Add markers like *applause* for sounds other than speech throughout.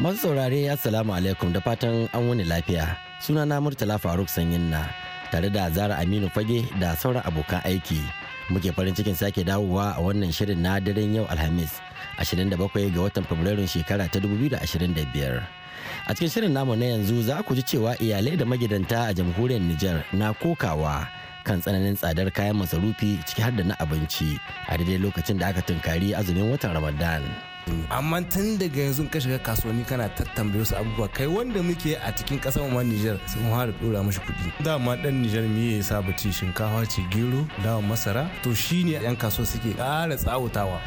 Masu saurare Assalamu alaikum da fatan an wani lafiya. suna na Murtala Faruk Sanyin na tare da Zara Aminu Fage da sauran abokan aiki. Muke farin cikin sake dawowa a wannan shirin na daren yau Alhamis 27 ga watan Fabrairun shekara ta 2025. A cikin shirin namu na yanzu za ku ji cewa iyalai da magidanta a jamhuriyar Nijar na kokawa kan tsananin tsadar kayan masarufi ciki har da na abinci a daidai lokacin da aka tunkari azumin watan Ramadan. amma tun daga yanzu ka shiga kasuwanni kana tattambaye su abubuwa kai wanda muke a cikin kasar mu Niger sun fara dora mashi kuɗi dama dan Niger me ya saba ci shinkafa ce gero dawa masara to shine yan kasuwa suke ƙara tsawutawa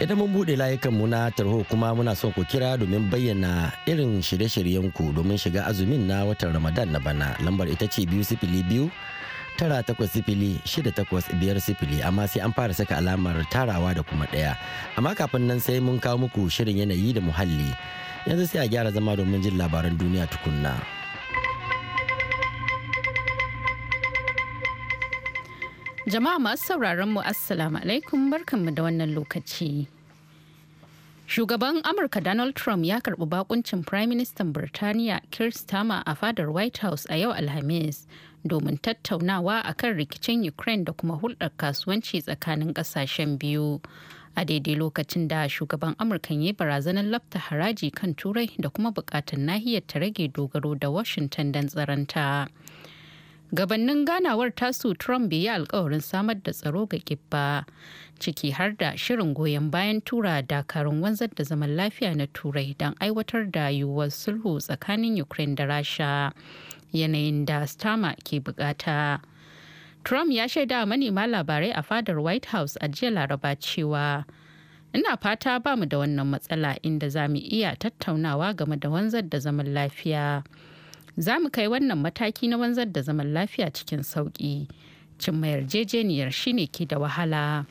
idan mun buɗe layukan mu na tarho kuma muna son ku kira domin bayyana irin shirye shiryen ku domin shiga azumin na watan ramadan na bana lambar ita ce biyu sifili biyu tara takwas sifili shida takwas biyar sifili amma sai an fara saka alamar tarawa da kuma ɗaya amma kafin nan sai mun kawo muku shirin yanayi da muhalli yanzu sai a gyara zama domin jin labaran duniya tukunna. Jama'a masu sauraron mu Assalamu alaikum barkanmu da wannan lokaci. Shugaban Amurka Donald Trump ya karbi bakuncin Prime Minister Birtaniya kirstama a fadar White House a yau Alhamis domin tattaunawa a kan rikicin Ukraine da kuma hulɗar kasuwanci tsakanin ƙasashen biyu. A daidai lokacin da shugaban Amurka ya barazanar lafta haraji kan Turai da kuma buƙatar nahiyar ta rage dogaro da Washington don tsaranta. gabannin ganawar tasu trump bai yi alkawarin samar da tsaro ga kibba ciki har da shirin goyon bayan tura dakarun wanzar da zaman lafiya na turai don aiwatar da yiwuwar sulhu tsakanin ukraine da rasha yanayin da starmer ke bukata. Trump ya shaida manema labarai a fadar White House a jiya Laraba cewa ina fata ba mu da wannan matsala inda za mu iya tattaunawa game da wanzar da zaman lafiya. Za mu kai wannan mataki na wanzar da zaman lafiya cikin sauƙi. Cimma yarjejeniyar shine ke da wahala.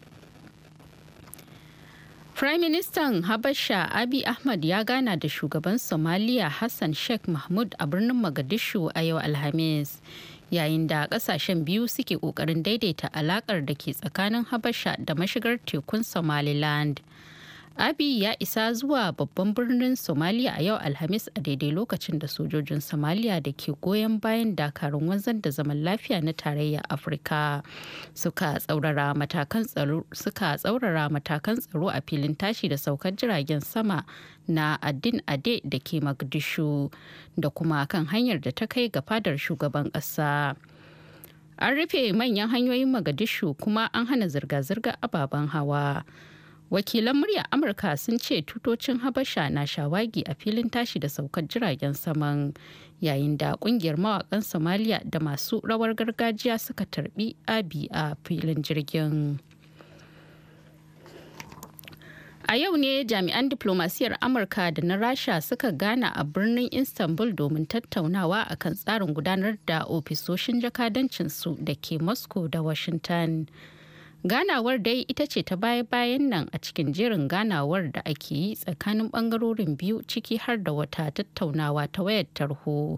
Prime Ministan Habasha Abiy Ahmad ya gana da shugaban Somalia Hassan Sheikh Mahmud a birnin Mogadishu a yau Alhamis. Yayin da kasashen biyu suke kokarin daidaita alakar da ke tsakanin Habasha da mashigar tekun Somaliland. Abi ya isa zuwa babban birnin Somalia a yau Alhamis a daidai lokacin da sojojin Somalia da ke goyon bayan dakarun wanzan da zaman lafiya na tarayyar Afirka suka tsaurara matakan tsaro a filin tashi da saukar jiragen sama na Addin Ade da ke magadishu da kuma kan hanyar da ta kai ga fadar shugaban ƙasa. An rufe manyan hanyoyin magadishu kuma an hana zirga-zirgar ababen hawa. wakilan murya amurka sun ce tutocin habasha na shawagi a filin tashi da saukar jiragen saman yayin da kungiyar mawakan somaliya da masu rawar gargajiya suka tarbi abi a filin jirgin a yau ne jami'an diplomasiyar amurka da na rasha suka gana a birnin istanbul domin tattaunawa akan tsarin gudanar da ofisoshin jakadancinsu da ke moscow da washington ganawar dai ita ce ta baya-bayan nan a cikin jerin ganawar da ake yi tsakanin bangarorin biyu ciki har da wata tattaunawa ta wayar tarho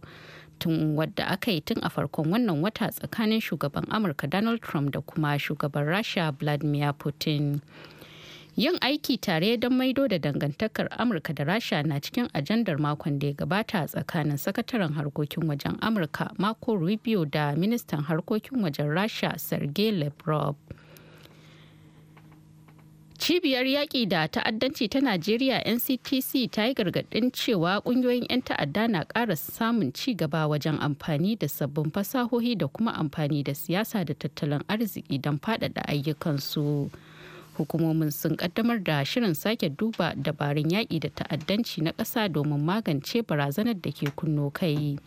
tun wadda aka yi tun a farkon wannan wata tsakanin shugaban amurka donald trump da kuma shugaban rasha vladimir putin yin aiki tare don maido da dangantakar amurka da rasha na cikin ajandar makon da ya gabata tsakanin sakataren harkokin wajen amurka mako rubio da ministan harkokin wajen rasha sergei lavrov Cibiyar yaƙi da ta'addanci ta Najeriya NCTC ta yi gargaɗin cewa ƙungiyoyin 'yan ta'adda na ƙara samun ci gaba wajen amfani da sabbin fasahohi da kuma amfani da siyasa da tattalin arziki don faɗaɗa ayyukansu. Hukumomin sun ƙaddamar da shirin sake duba dabarun yaƙi da ta'addanci na ƙasa domin magance barazanar da ke kunno kai.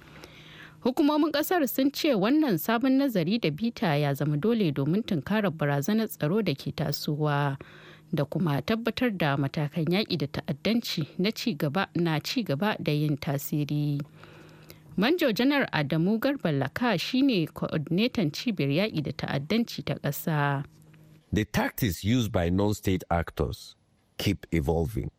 hukumomin ƙasar sun ce wannan sabon nazari da bita ya zama dole domin tunkarar barazanar tsaro da ke tasowa da kuma tabbatar da matakan yaƙi da ta'addanci na cigaba na ci gaba da yin tasiri. Manjo janar Adamu Garba Laka shine coordinator cibiyar yaƙi da ta'addanci ta ƙasa. The tactics used by non-state actors keep evolving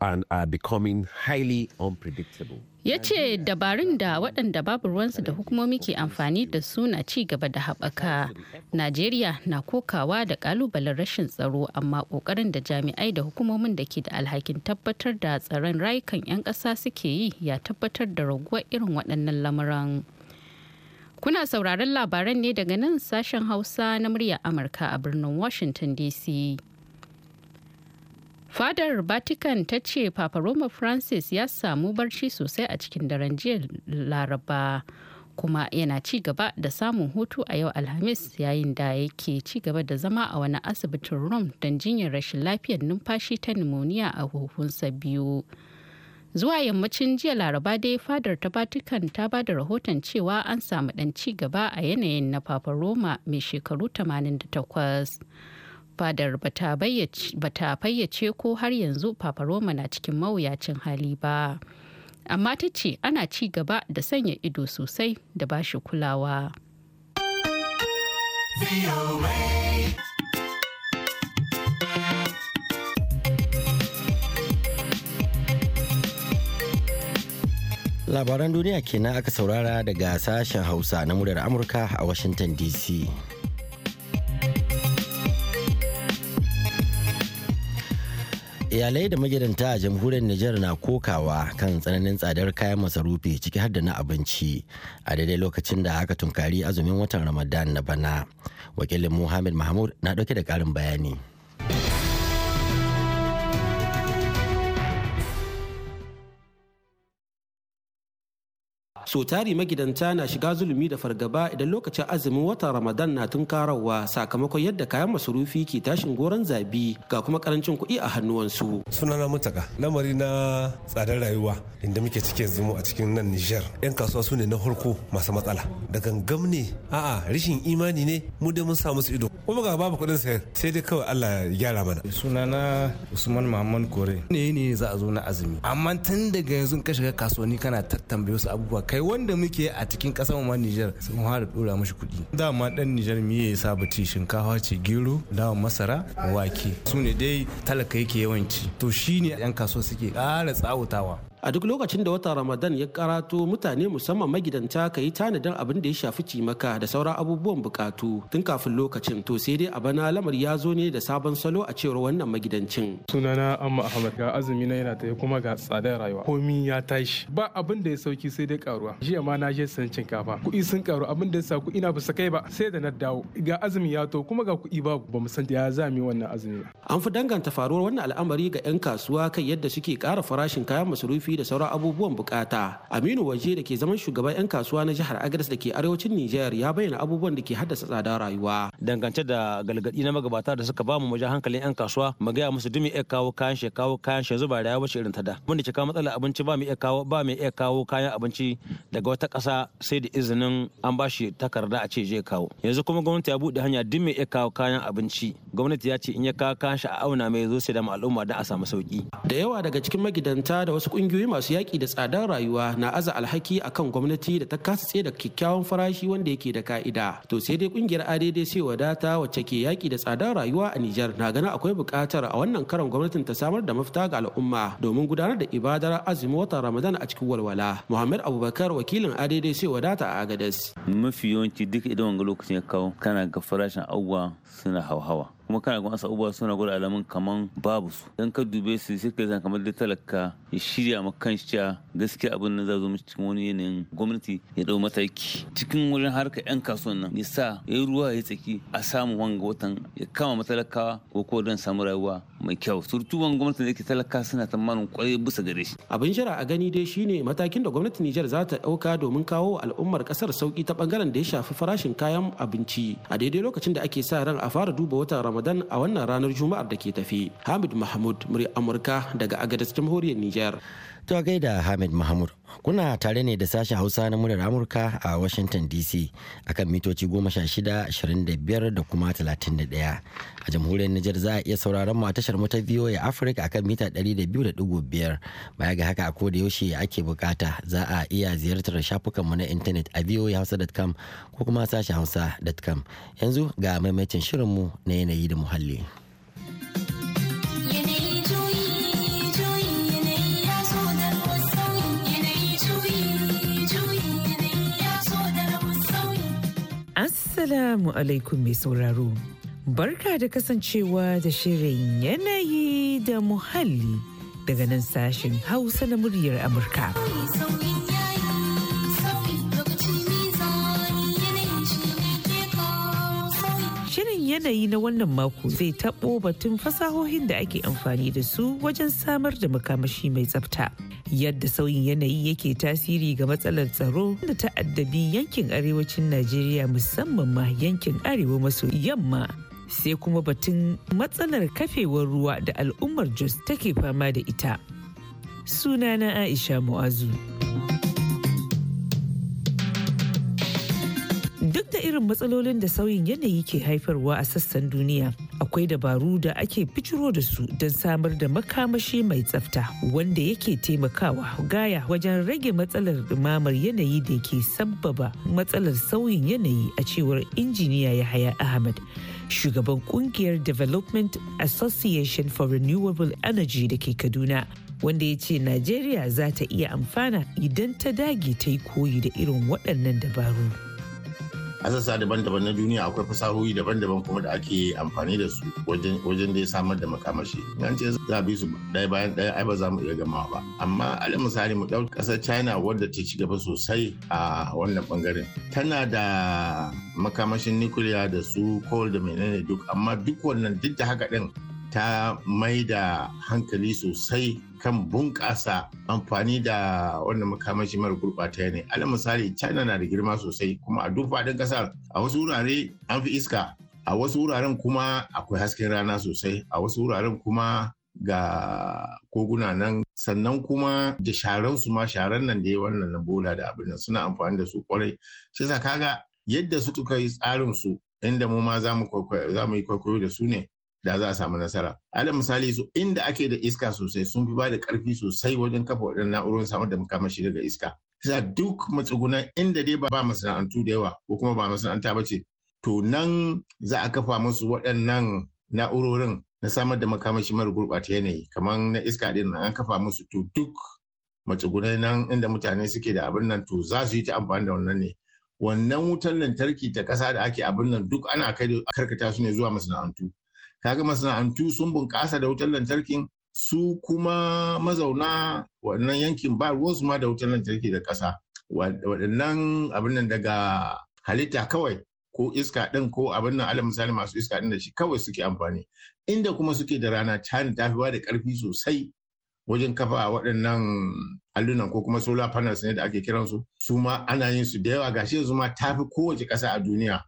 and are becoming highly unpredictable. ya ce dabarun da waɗanda babu ruwansu da hukumomi ke amfani da su na ci gaba da haɓaka najeriya na kokawa da ƙalubalen rashin tsaro amma ƙoƙarin da jami'ai da hukumomin da ke da alhakin tabbatar da tsaron rayukan 'yan ƙasa suke yi ya tabbatar da raguwar irin waɗannan lamuran kuna sauraron labaran ne daga nan sashen hausa na murya amurka a birnin washington dc fadar vatican ta ce papa roma francis ya samu barci sosai a cikin daren jiya laraba kuma yana ci gaba da samun hutu a yau alhamis yayin da yake ci gaba da zama a wani asibitin rome don jinyar rashin lafiyar numfashi ta pneumonia a huhunsa biyu zuwa yammacin jiya laraba dai fadar ta vatican ta ba da rahoton cewa an samu dan ci gaba a yanayin na papa roma mai shekaru 88 fadar bata fayyace ko har yanzu papa na cikin mawuyacin hali ba amma ta ce ana ci gaba da sanya ido sosai da bashi kulawa. labaran duniya kenan aka saurara daga sashen hausa na murar amurka a washington dc iyalai da magidanta a jamhuriyar Nijar na kokawa kan tsananin tsadar kayan masarufi ciki har da na abinci a daidai lokacin da aka tunkari azumin watan Ramadan na bana. Wakilin Muhammad Mahmud na dauke da karin bayani. so tari magidanta na shiga zulumi da fargaba idan lokacin azumin watan ramadan na tunkarawa sakamakon yadda kayan masarufi ke tashin goron zabi ga kuma karancin kuɗi a hannuwansu sunana mutaka lamari na tsadar rayuwa inda muke cikin zumu a cikin nan nijar yan kasuwa su ne na farko masu matsala da gangam ne a'a rashin imani ne mu da mun sa musu ido kuma ga babu kuɗin sayar sai dai kawai Allah ya gyara mana sunana usman muhammad kore ne ne za a zo na azumi amma tun daga yanzu ka shiga kasuwanni kana tattambaye wasu abubuwa kai wanda muke a cikin kasar mu Niger sun fara dora mashi kuɗi dama dan Niger miye ya sa bace shinkafa ce gero dawa masara wake su ne dai talaka yake yawanci to shine yan kasuwa suke ƙara tsawatawa a duk lokacin da wata ramadan ya karato mutane musamman magidanta ka yi tanadin abin da ya shafi cimaka da sauran abubuwan bukatu tun kafin lokacin to sai dai a bana lamar ya zo ne da sabon salo a cewar wannan magidancin sunana amma ahmad ga azumi na yana yi kuma ga tsadar rayuwa komi ya tashi ba abin da ya sauki sai dai karuwa jiya ma na je san shinkafa kuɗi sun karu abin da ya sa kuɗi na bisa kai ba sai da na dawo ga azumi ya to kuma ga kuɗi babu ba mu san ya zami wannan azumi an fi danganta faruwar wannan al'amari ga 'yan kasuwa kan yadda suke ƙara farashin kayan masarufi tufafi da sauran abubuwan bukata aminu waje da ke zaman shugaban 'yan kasuwa na jihar agadas da ke arewacin nijar ya bayyana abubuwan da ke haddasa tsadar rayuwa dangance da galgadi na magabata da suka bamu wajen hankalin 'yan kasuwa mu gaya musu dumi iya kawo kayan shi kawo kayan shi zuba rayuwa bace irin ta da mun da ke kawo matsalar abinci ba mu iya kawo ba mu iya kawo kayan abinci daga wata kasa sai da izinin an ba takarda a ce je kawo yanzu kuma gwamnati ya buɗe hanya duk mai iya kawo kayan abinci gwamnati ya ce in ya kawo kayan shi a auna mai zo sai da al'umma don a samu sauki da yawa daga cikin magidanta da wasu ƙungiyoyi Ƙungiyoyi masu yaƙi da tsadar rayuwa na aza alhaki akan gwamnati da ta kasa tsaye da kyakkyawan farashi wanda yake da ka'ida. To sai dai ƙungiyar ADD sai wadata wacce ke yaƙi da tsadar rayuwa a Nijar na ganin akwai buƙatar a wannan karon gwamnatin ta samar da mafita ga al'umma domin gudanar da ibadar azumi watan Ramadan a cikin walwala. Muhammad Abubakar wakilin ADD sai wadata a Agadez. Mafi yawanci duk idan wanga lokacin ya kawo kana ga farashin abubuwa suna hauhawa kuma kana kuma abubuwa suna gwada alamun kaman babu su dan ka dube su sai ka zan kamar da talaka ya shirya ma kanshi gaskiya abin nan za zo cikin wani yanayin gwamnati ya dau mataki cikin wurin harka yan kasuwan nan ya sa ya ruwa ya tsaki a samu wanga watan ya kama matalakawa ko ko dan samu rayuwa mai kyau surtuwan gwamnati da ke talaka suna tsammanin kwarai bisa gare shi abin jira a gani dai shine matakin da gwamnatin Nijar za ta dauka domin kawo al'ummar kasar sauki ta bangaren da ya shafi farashin kayan abinci a daidai lokacin da ake sa ran a fara duba watan Ramadan a wannan ranar Juma'ar da ke tafi Hamid Mahmud murya Amurka daga Agadez Jamhuriyar Nijar To gaida Hamid Mahmud. Kuna tare ne da sashen Hausa na muryar Amurka a Washington DC akan mitoci 16-25 da kuma 31. A jamhuriyar Nijar za a iya sauraron mu a tashar mu ta VOA Africa akan mita 200.5. Baya ga haka a koda yaushe ake bukata za a iya ziyartar shafukan mu na intanet a voahausa.com ko kuma sashen hausa.com. Yanzu ga maimaitin shirin mu na yanayi da muhalli. Assalamu alaikum mai sauraro. Barka da kasancewa da shirin yanayi da muhalli daga nan sashen Hausa na muryar Amurka. yanayi na wannan mako zai taɓo batun fasahohin da ake amfani da su wajen samar da makamashi mai tsafta. Yadda sauyin yanayi yake tasiri ga matsalar tsaro da ta'addabi yankin arewacin Najeriya musamman ma yankin arewa maso yamma. Sai kuma batun matsalar kafewar ruwa da al'ummar Jos take fama da ita. Sunana Aisha Mu'azu. da irin matsalolin da sauyin yanayi ke haifarwa a sassan duniya akwai dabaru da ake fitiro da su don samar da makamashi mai tsafta wanda yake taimakawa gaya wajen rage matsalar ɗumamar yanayi da ke sabbaba matsalar sauyin yanayi a cewar injiniya yahaya ahmad shugaban kungiyar development association for renewable energy da ke kaduna wanda ya ce najeriya za ta iya amfana idan ta dage ta yi koyi da irin waɗannan dabaru. a sassa daban-daban na duniya akwai fasahohi daban-daban kuma da ake amfani da su wajen dai samar da makamashi yan ce za a bi su ɗaya bayan ɗaya ai ba za mu iya gama ba amma ala misali mu ɗauki ƙasar china wadda ta ci gaba sosai a wannan bangaren tana da makamashin nukiliya da su ko da menene duk amma duk wannan duk da haka ɗin ta mai da hankali sosai kan bunƙasa amfani da wannan makamashi mara gurɓata yanayi alal misali china na da girma sosai kuma a duk faɗin ƙasar a wasu wurare an fi iska a wasu wuraren kuma akwai hasken rana sosai a wasu wuraren kuma ga koguna nan sannan kuma da sharan su ma sharan nan da wannan na bola da abin suna amfani da su kwarai shi yasa kaga yadda su yi tsarin su inda mu ma za mu yi kwaikwayo da su ne da za a samu nasara. Alal misali su inda ake da iska sosai sun fi ba da ƙarfi sosai wajen kafa waɗannan na'urorin samar da makamashi daga iska. Sa duk matsugunan inda dai ba masana'antu da yawa ko kuma ba masana'anta ba ce. To nan za a kafa musu waɗannan na'urorin na samar da makamashi mara gurɓata yanayi kamar na iska ɗin an kafa musu to duk matsugunai nan inda mutane suke da abin nan to za su yi ta amfani da wannan ne. Wannan wutan lantarki ta ƙasa da ake abin nan duk ana kai karkata su ne zuwa masana'antu. kaga masana'antu sun bunƙasa da wutar lantarkin su kuma mazauna waɗannan yankin ba su ma da wutar lantarki da ƙasa waɗannan abin nan daga halitta kawai ko iska ɗin ko abin nan alal misali masu iska ɗin da shi kawai suke amfani inda kuma suke da rana tani ta fi da ƙarfi sosai wajen kafa waɗannan allunan ko kuma solar panels ne da ake kiransu su ma ana yin su da yawa gashi yanzu ma ta fi kowace ƙasa a duniya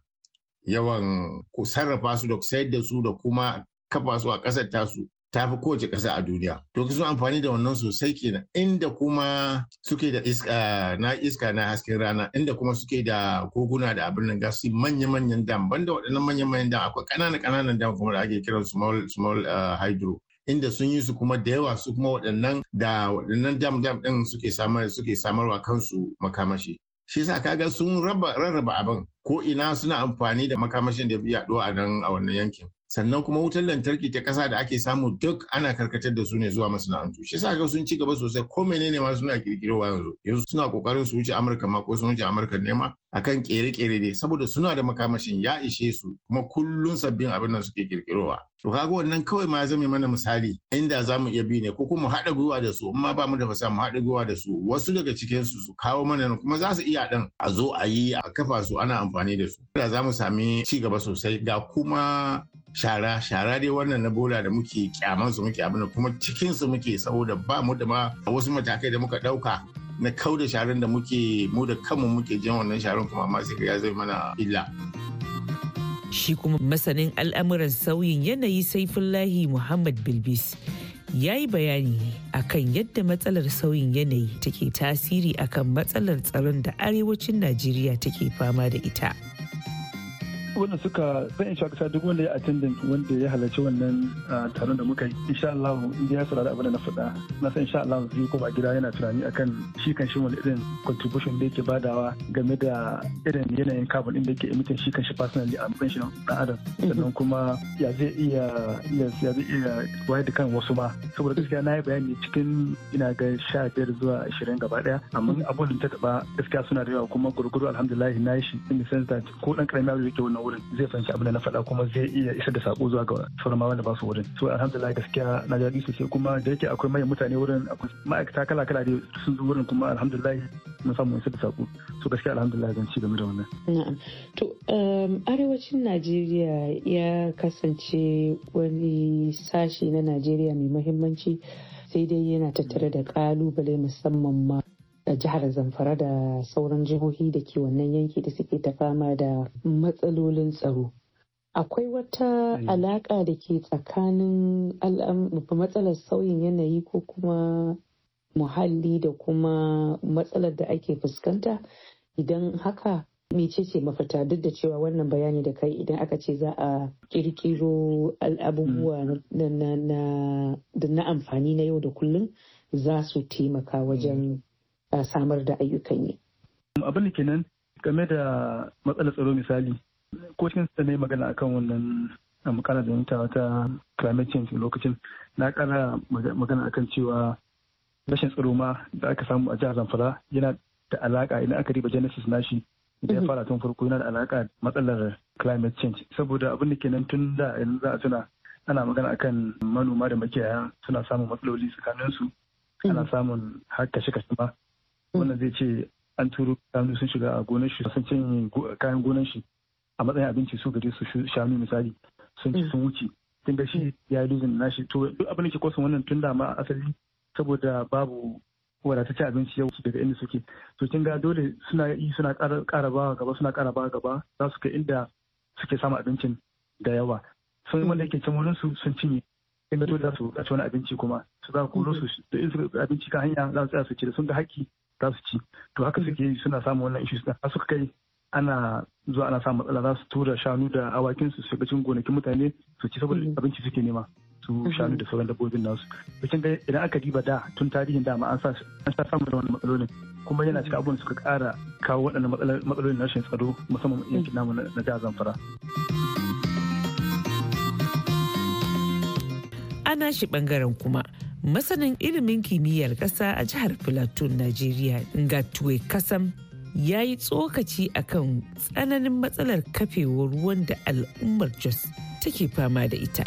yawan sarrafa su da sayar da su da kuma kafa su a ƙasar tasu ta fi kowace ƙasa a duniya. To sun amfani da wannan sosai kenan inda kuma suke da iska na iska na hasken rana inda kuma suke da koguna da abin nan gasu manya-manyan dam banda waɗannan manya-manyan dam akwai ƙananan-ƙananan dam kuma da ake kiran small small eh, hydro inda sun yi su kuma da yawa su kuma waɗannan da waɗannan dam dam ɗin suke samarwa kansu makamashi. Shi yasa kaga sun rarraba abin ko ina suna amfani da makamashin da ya a nan a wannan yankin sannan kuma wutar lantarki ta kasa da ake samu duk ana karkatar da su ne zuwa masana'antu shi sa ga sun ci gaba sosai ko menene ma suna kirkirowa yanzu yanzu suna kokarin su wuce Amurka ma ko sun wuce Amurka ne ma akan kere-kere ne saboda suna da makamashin ya ishe su kuma kullun sabbin abin nan suke kirkirowa to kaga wannan kawai ma zame mana misali inda za mu iya bi ne ko kuma haɗa gwiwa da su amma ba mu da fasa mu haɗa gwiwa da su wasu daga cikin su su kawo mana kuma za su iya ɗan a zo a yi a kafa su ana amfani da su. Da za mu sami ci gaba sosai ga kuma shara shara dai wannan na bola da muke kyaman su muke abin kuma cikin su muke saboda ba mu da ma wasu matakai da muka dauka na kau da sharan da muke mu da kanmu muke jin wannan sharan kuma amma sai ya zai mana illa. Shi kuma masanin al'amuran sauyin yanayi Saifullahi Muhammad Bilbis ya yi bayani akan yadda matsalar sauyin yanayi take tasiri akan matsalar tsaron da arewacin najeriya take fama da ita wanda suka zan in kasa duk wanda ya attendant wanda ya halarci wannan taron da muka yi insha Allah in ya saurari abin da na faɗa na san insha Allah zai ko ba gida yana tunani akan shi kan shi wani irin contribution da yake badawa game da irin yanayin carbon din da yake emitting shi kan shi personally a matsayin shi na adam mhm. sannan kuma ya zai iya ya zai iya wayar da kan wasu ma saboda gaskiya na yi bayani cikin ina ga sha biyar zuwa ashirin gaba daya amma mhm. abun da ta taba gaskiya suna da yawa kuma gurguru alhamdulillah na yi shi in the sense that ko dan karamin abu yake wannan wurin zai fahimci abin da na faɗa kuma zai iya isa da sako zuwa ga sauran ma wanda ba su wurin so alhamdulillah gaskiya na jaɗi sosai kuma da yake akwai mai mutane wurin akwai ma'aikata kala kala da sun zo wurin kuma alhamdulillah mun samu isa da sako so gaskiya alhamdulillah zan ci game da wannan na'am to um, arewacin Najeriya ya kasance wani sashi na Najeriya mai muhimmanci sai dai yana tattare da kalubale musamman ma a jihar zamfara da sauran jihohi da ke wannan yanki da suke ta fama da matsalolin tsaro akwai wata mm. alaƙa da ke tsakanin matsalar sauyin yanayi ko kuma muhalli da kuma matsalar da ake fuskanta idan haka mecece mafita duk da cewa wannan bayani da kai idan aka ce za a kirkiro abubuwa mm. na amfani na yau da kullum za su taimaka wajen samar da ayyukan yi. Abin kenan game da matsalar tsaro misali ko cikin sa ne magana akan wannan makana da mutawa ta climate change lokacin na kara magana akan cewa rashin tsaro ma da aka samu a jihar Zamfara yana da alaka idan aka riba genesis nashi da ya mhm. fara tun farko yana da alaka matsalar climate change saboda abin da kenan tun da yanzu za a tuna ana magana akan manoma da makiyaya suna samun matsaloli tsakanin su ana mhm. samun har kashe kashe ma Mm. wannan zai ce an turo shanu sun shiga a gonar shi sun cinye kayan gonar shi a matsayin abinci su gare su shanu misali sun ci mm. sun wuce tun da shi mm. ya yi luzin nashi to duk abin da ke kwasan wannan tun da ma asali saboda babu wadatacce abinci yau daga inda suke to kin ga dole suna yi suna kara ba gaba suna kara ba gaba za su kai inda suke samun abincin da yawa sun wanda yake cin wurin su sun cinye kin ga dole za su buƙaci wani abinci kuma su za ku su da abinci ka hanya za su tsaya su ci da sun ga haƙƙi za su ci to haka mm. suke suna samun wannan ishi a suka kai ana zuwa ana samun matsala za su tura shanu da awakin su shiga cikin gonakin mutane su ci saboda mm. abinci suke nema su mm-hmm. shanu da sauran dabbobin nasu bikin da idan aka diba da tun tarihin dama an sa samun da wannan matsalolin kuma yana cika abubuwan suka kara kawo waɗannan matsalolin na rashin tsaro musamman yankin namu na da zamfara. nashi bangaren kuma masanin ilimin kimiyyar ƙasa a jihar plateau nigeria ngatwe kasam ya yi tsokaci akan tsananin matsalar kafewar ruwan da al'ummar jos take fama da ita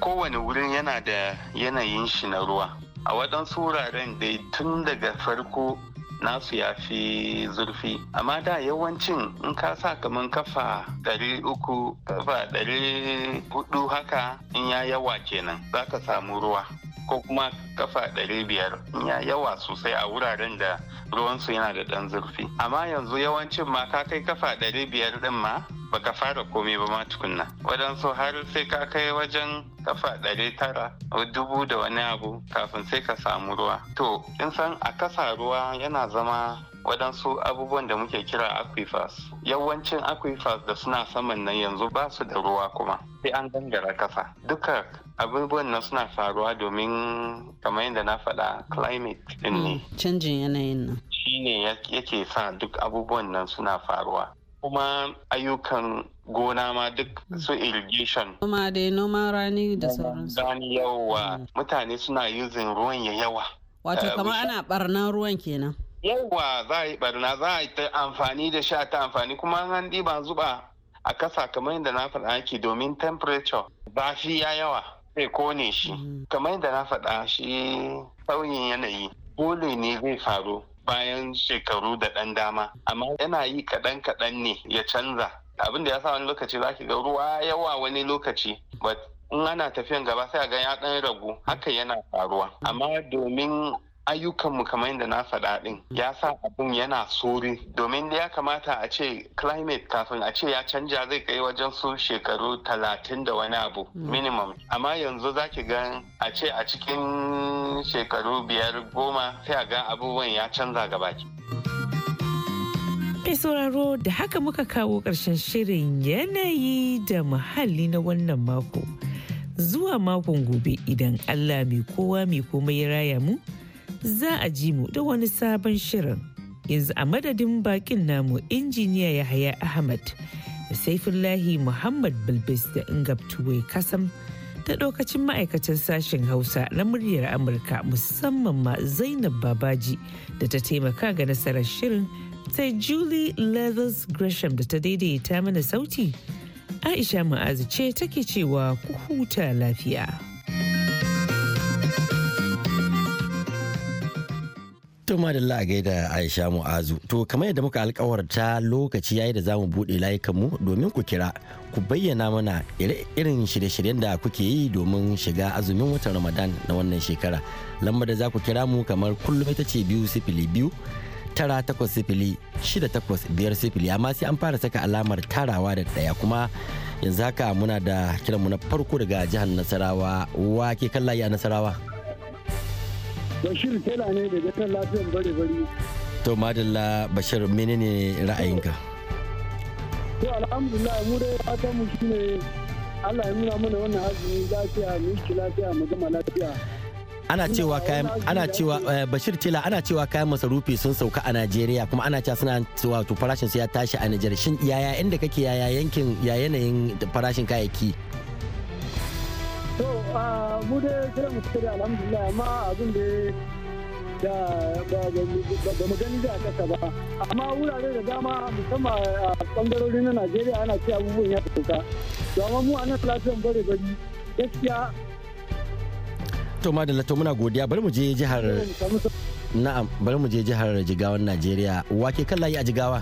kowane wurin yana da yanayin shi na ruwa a waɗansu wuraren dai tun daga farko nasu ya fi zurfi amma da yawancin in ka sa kamar kafa ɗari uku kafa ɗari hudu haka in ya yawa kenan za ka samu ruwa ko kuma kafa ɗari biyar ya yawa sosai a wuraren da ruwansu yana da ɗan zurfi amma yanzu yawancin ma ka kai kafa ɗari biyar ɗin ma baka fara komai ba ma tukunna waɗansu har sai ka kai wajen kafa ɗari tara dubu da wani abu kafin sai ka samu ruwa to in san a kasa ruwa yana zama waɗansu abubuwan da muke kira aquifers yawancin aquifers da suna saman nan yanzu ba su da ruwa kuma sai an gangara kasa duka abubuwan nan suna faruwa domin kamar yadda na faɗa climate din ne hmm, canjin yanayin nan Shi ne yake sa duk abubuwan nan suna faruwa kuma ayyukan gona ma duk su irrigation kuma dai noman rani da sauransu rani yawa hmm. mutane suna using ruwan ya yawa wato eh, kamar ana barnan ruwan kenan yawa za a yi barna za a yi ta amfani da sha ta amfani kuma an ɗiba zuba a kasa kamar yadda na faɗa ake domin temperature zafi ya yawa zai kone shi mm. kamar yadda na faɗa shi sauyin yanayi bole ne zai faru bayan shekaru da ɗan dama amma yana yi kaɗan kaɗan ne ya canza abin da ya sa wani lokaci za ki ga ruwa yawa wani lokaci in ana tafiyan gaba sai ga ya ɗan ragu haka yana faruwa amma domin ayyukanmu kamar yadda na faɗa ɗin mm. ya sa abun yana sori domin da ya kamata a ce climate kafin a ce ya canja zai kai wajen su shekaru talatin da wani abu mm. minimum amma yanzu za ki gan a ce a cikin shekaru biyar goma sai a ga abubuwan ya canza gaba Mai sauraro da haka muka kawo ƙarshen shirin yanayi da muhalli na wannan mako. Zuwa makon gobe idan Allah mai kowa mai komai raya mu za a ji mu da wani sabon shirin. Yanzu a madadin bakin namu injiniya ya haya Ahmad da Saifullahi Muhammad Bilbis da Ingab Tuwai Kasam ta ɗaukacin ma'aikacin sashen Hausa na muryar Amurka musamman ma Zainab Babaji da ta taimaka ga nasarar shirin sai Julie Leathers Gresham da ta daidaita mana sauti. Aisha Ma'azu ce take cewa ku huta lafiya. To da a gaida Aisha Mu'azu. To kamar yadda muka alkawarta lokaci yayi da zamu buɗe mu domin ku kira ku bayyana mana irin shirye-shiryen da kuke yi domin shiga azumin watan Ramadan na wannan shekara. Lambar da za ku kira mu kamar kullum ita ce biyu sifili biyu tara takwas sifili shida takwas biyar sifili amma sai an fara saka alamar tarawa da ɗaya kuma yanzu haka muna da kiranmu na farko daga jihar Nasarawa wake kan layi a Nasarawa. Bashir tela ne daga kan lafiyan bare bari. To Madalla Bashir menene ra'ayinka? To alhamdulillah mu dai fatan mu shine Allah ya nuna mana wannan azumi lafiya mu shi lafiya mu gama lafiya. ana cewa kayan ana cewa eh, Bashir Tela ana cewa kayan masarufi sun sauka a Najeriya kuma ana cewa suna cewa to farashin su ya tashi a Najeriya shin yaya inda kake yaya yankin ya yanayin farashin kayayyaki mu dai kira mu da alhamdulillah amma abin da da ba mu gani da kasa ba amma wurare da dama musamman a bangarori na Najeriya ana ce abubuwan ya to amma mu a lafiyan bare bari gaskiya to madalla to muna godiya bari mu je jihar na'am bari mu je jihar Jigawan Najeriya wake kan layi a Jigawa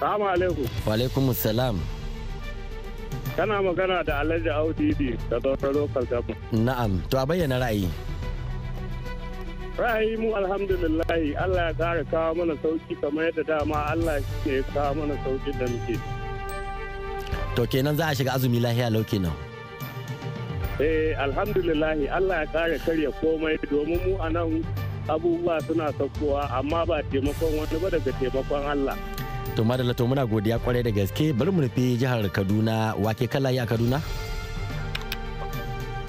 Salamu alaikum. Wa alaikum salam. Kana magana da Alhaji Audidi da Zaura Local Government. Na'am, to a bayyana ra'ayi. Ra'ayi mu alhamdulillahi Allah ya kara kawo mana sauki kamar yadda dama Allah ke kawo mana sauki da muke. To kenan za a shiga azumi lahiya lau kenan. Eh alhamdulillahi Allah ya kara karya komai domin mu a nan abubuwa suna saukowa amma ba taimakon wani ba daga taimakon Allah. to madalla muna godiya kwarai da gaske bari mu nufi jihar kaduna wake kala ya kaduna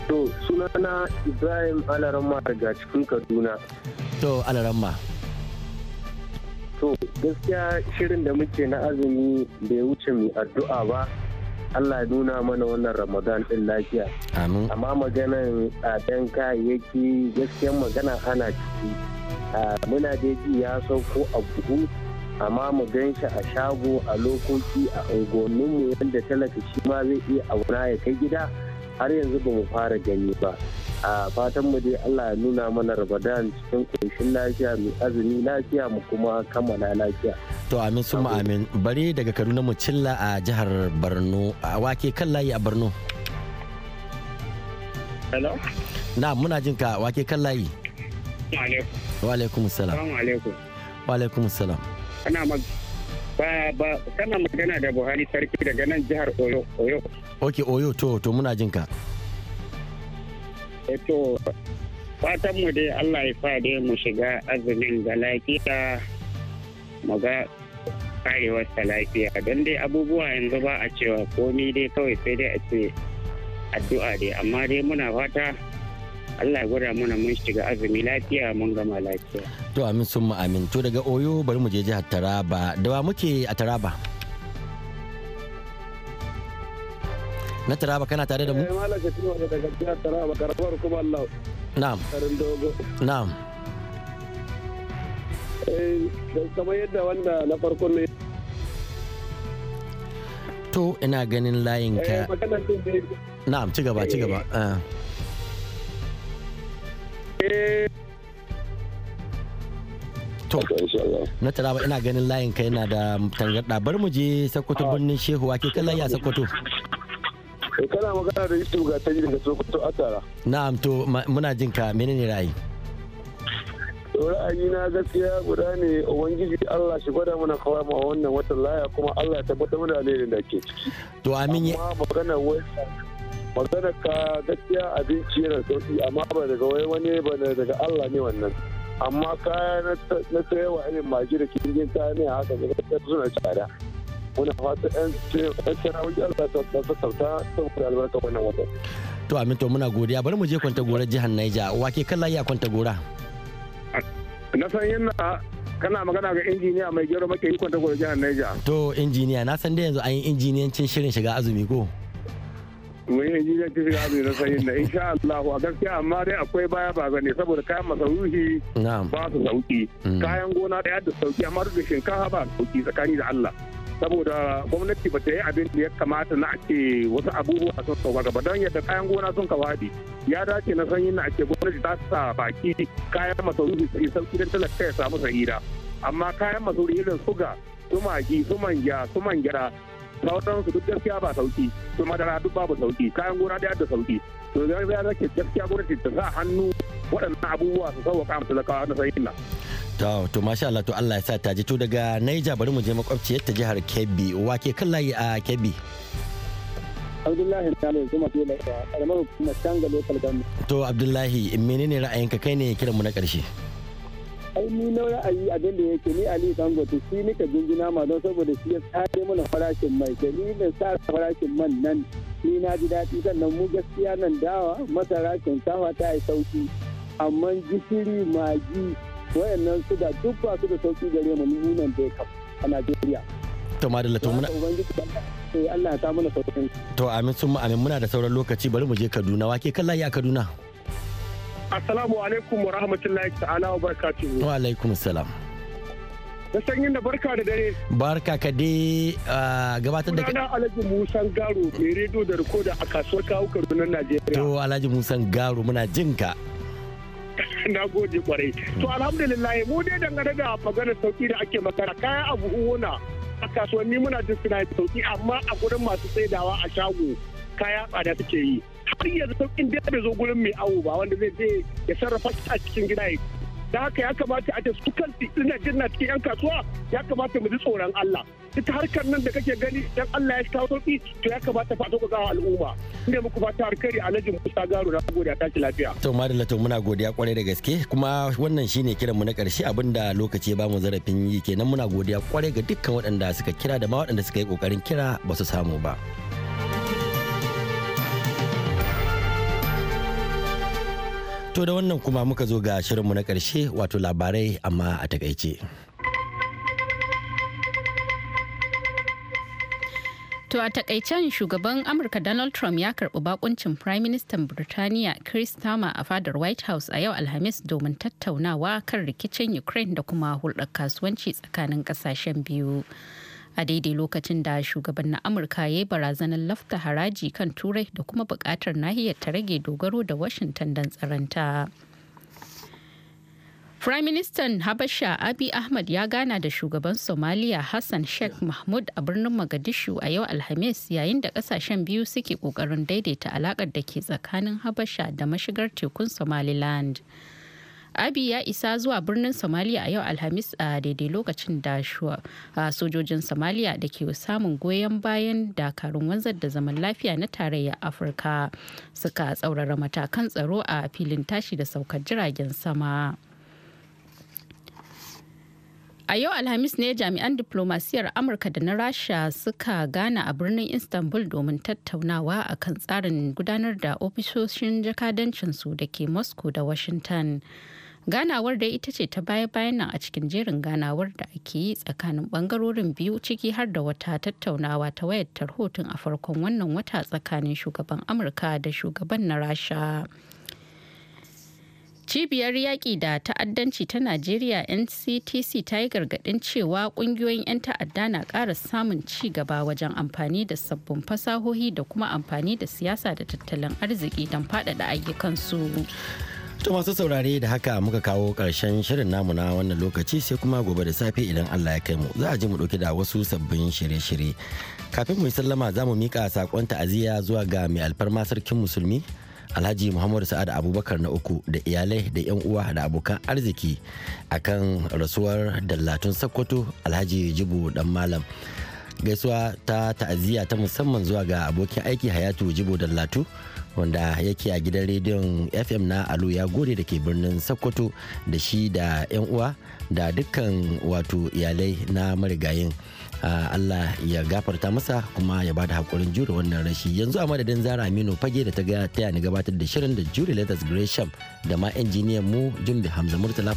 to sunana ibrahim alaramma daga cikin kaduna to alaramma to gaskiya shirin da muke na azumi bai wuce mai addu'a ba Allah nuna mana wannan Ramadan ɗin lafiya. Amin. Amma maganan tsadan kayayyaki gaskiyan magana ana ciki. Ah, muna da ya sauko a buhu amma mu gan shi a shago a lokoci a unguwanninmu yadda talaka shi ma zai iya auna ya kai gida har yanzu ba mu fara gani ba a fatan mu dai Allah ya nuna mana Ramadan cikin ƙoshin lafiya mai azumi lafiya mu kuma kammala lafiya to amin sun amin bare daga Kaduna mu cilla a jihar Borno a wake kan layi a Borno hello na muna jin ka wake kan layi wa alaikum salam wa alaikum salam kana magana da Buhari sarki daga nan jihar Oyo Oyo ok Oyo to to muna jin ka eh, fatan mu dai Allah ya fade, mu shiga azumin ga lafiya mu ga karewar ta lafiya don dai abubuwa yanzu ba a cewa komi dai kawai sai dai a ce addu'a dai amma dai muna fata Allah ya gwada mana mun shiga azumi lafiya mun gama lafiya. To amin sun mu amin. To daga Oyo bari mu je jihar Taraba. Da wa muke a Taraba. Na Taraba kana tare da mu? Eh malaka ciwo daga jihar Taraba karbar kuma Allah. Na'am. Karin dogo. Na'am. Eh kamar yadda wanda na farko ne To ina ganin layin ka. Eh, Na'am ci gaba ci gaba. Eh, ah. To, na taraba ina ganin layin ka yana da tangarɗa bar mu je Sokoto birnin Shehu wake kallon ya Sokoto. Eh, kana magana da Yusuf ga ta daga Sokoto Atara. Na'am to muna jin ka menene ra'ayi? ra'ayi na gaskiya guda ne ubangiji Allah shi gwada mana kawai ma wannan watan laya kuma Allah ya tabbatar mana alherin da ke. To amin ya. Amma magana wai maganar ka gaskiya abinci yana sauki amma ba daga wai wani ba daga Allah ne wannan amma kaya na sayawa irin maji da kirgin ta ne haka da gaskiya suna tsada muna fata yan sarawar Allah ta sassauta saboda albarka wannan wata. to amin to muna godiya bari mu je kwanta gora jihar Niger wake kan layi a kwanta gora. na san yana kana magana ga injiniya mai gero maka yi kwanta gora jihar Niger. to injiniya na san da yanzu an yi injiniyancin shirin shiga azumi ko. mun yi jina ci ga mai rasa da insha Allah a gaskiya amma dai akwai baya ba gane saboda kayan masarufi ba su sauki mm. kayan gona da da sauki amma duk da shinkafa ba sauki tsakani da Allah saboda gwamnati ba ta yi abin da ya kamata na ake wasu abubuwa sun sauka gaba don yadda kayan gona sun wadi ya dace na sanyin na ake gwamnati ta sa baki kayan masarufi su yi sauki don talaka ya samu sahira. amma kayan masarufi irin suga su magi su manja su gyara. su duk gaskiya ba sauki su madara duk babu sauki kayan gona da yadda sauki to ya zake gaskiya ce ta sa hannu waɗannan abubuwa su sauwaka mu talakawa na sayin nan. To, to masha Allah to Allah ya sa ta ji to daga Niger bari mu je makwabciyar ta jihar Kebbi wake kan layi a Kebbi. Abdullahi na ne kuma dole ka karamar hukumar Tanga local To Abdullahi menene ra'ayinka kai ne kiran mu na ƙarshe? ai ni na ra'ayi abin da yake ni Ali Dangote shi ka jinjina ma don saboda shi ya tsare mana farashin mai dalilin sa farashin man nan ni na ji daɗi sannan mu gaskiya nan dawa masara shinkafa ta yi sauki amma gishiri magi wayannan su da duk ba su da sauki gare mu mu nan bai kam a Najeriya. To madalla to muna Allah ya ta mana sauki To amin sun amin muna da sauran lokaci bari mu je Kaduna wake kallaye a Kaduna. Assalamu alaikum wa rahmatullahi ta'ala wa barakatuhu. Wa alaikum salam. Da sanyin da barka da dare. Barka ka dai gabatar da Kuna Alhaji Musan Garo mai rediyo da rikoda a kasuwar kawo Kaduna Najeriya. To Alhaji Musan Garo muna jin ka. *laughs* na gode kwarai. To alhamdulillah mu dai dangane da maganar sauki da ake makara kayan abu huna a kasuwanni muna jin suna sauki amma a gurin masu saidawa a shago kaya tsada suke yi. har yanzu sauƙin da ya zo gurin mai awo ba wanda zai je ya sarrafa shi a cikin gida ya da haka ya kamata a ta su kansu ina jin cikin 'yan kasuwa ya kamata mu ji tsoron Allah ita harkar nan da kake gani idan Allah ya kawo sauƙi to ya kamata fa sauka gawa al'umma inda muku fata harkari Alhaji Musa Garo na godiya tashi lafiya to madalla to muna godiya kwarai da gaske kuma wannan shine kiran mu na ƙarshe abinda lokaci ba mu zarafin yi kenan muna godiya kwarai ga dukkan waɗanda suka kira da ma waɗanda suka yi ƙoƙarin kira ba su samu ba To da wannan kuma muka zo ga shirinmu na ƙarshe wato labarai amma a takaice. To a takaicen shugaban Amurka Donald Trump ya karɓi bakuncin Prime Minister Birtaniya Chris Tama a fadar White House a yau Alhamis domin tattaunawa kan rikicin Ukraine da kuma hulɗar kasuwanci tsakanin ƙasashen biyu. a daidai lokacin da shugaban na amurka ya yi barazanar lafta haraji kan turai da kuma buƙatar nahiyar ta rage dogaro da washington don tsaranta. Firaministan Habasha Abi Ahmad ya gana da shugaban Somaliya Hassan Sheikh Mahmud a birnin magadishu a yau Alhamis yayin da kasashen biyu suke kokarin daidaita alakar da ke tsakanin Habasha da mashigar tekun Somaliland. abi ya isa zuwa birnin somalia a yau alhamis a daidai lokacin da sojojin somalia da ke samun goyon bayan dakarun wanzar da zaman lafiya na tarayyar afirka suka tsaurara matakan tsaro a filin tashi da saukar jiragen sama. A yau Alhamis ne jami'an diplomasiyar Amurka da na Rasha suka gana a birnin Istanbul domin tattaunawa a kan tsarin gudanar da ofisoshin jakadancinsu da ke Moscow da Washington. ganawar da ita ce ta baya-bayan nan a cikin jerin ganawar da ake yi tsakanin bangarorin biyu ciki har da wata tattaunawa ta wayar tarhotun a farkon wannan wata tsakanin shugaban amurka da shugaban na rasha cibiyar yaƙi da ta'addanci ta najeriya nctc ta yi gargaɗin cewa ƙungiyoyin 'yan ta'adda na ƙara samun ci gaba wajen amfani da sabbin fasahohi da kuma amfani da siyasa da tattalin arziki don faɗaɗa ayyukansu To masu saurare da haka muka kawo karshen shirin namu na wannan lokaci sai kuma gobe da safe idan Allah ya kai mu za a ji mu ɗauki da wasu sabbin shirye-shirye. Kafin mu yi sallama za mu mika sakon ta'aziyya zuwa ga mai alfarma sarkin musulmi Alhaji Muhammadu Sa'ad Abubakar na uku da iyalai da 'yan uwa da abokan arziki akan rasuwar Dallatun Sokoto Alhaji Jibu Dan Malam. Gaisuwa ta ta'aziyya ta musamman zuwa ga abokin aiki Hayatu Jibo Dallatu. wanda yake a gidan rediyon fm na alu ya gode da ke birnin sokoto da shi da 'yan uwa da dukkan wato iyalai na marigayin allah ya gafarta masa kuma ya bada hakurin jure wannan rashi yanzu a madadin zara aminu fage da ta taya ni gabatar da shirin da jure letters gresham da ma injiniyan mu jumbi hamza murtala